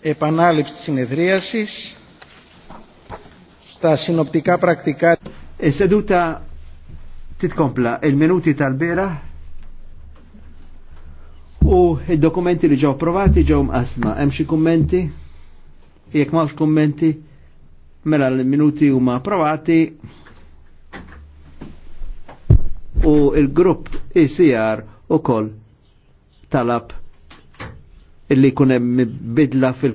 επανάληψη της συνεδρίασης στα συνοπτικά πρακτικά. Εσεδούτα titkompla il-minuti tal-bera u il-dokumenti li ġew provati ġew asma. Hemm xi kummenti? Jekk m'hawnx kummenti, mela l-minuti huma approvati u grupp ukoll talab illi kunem bidla fil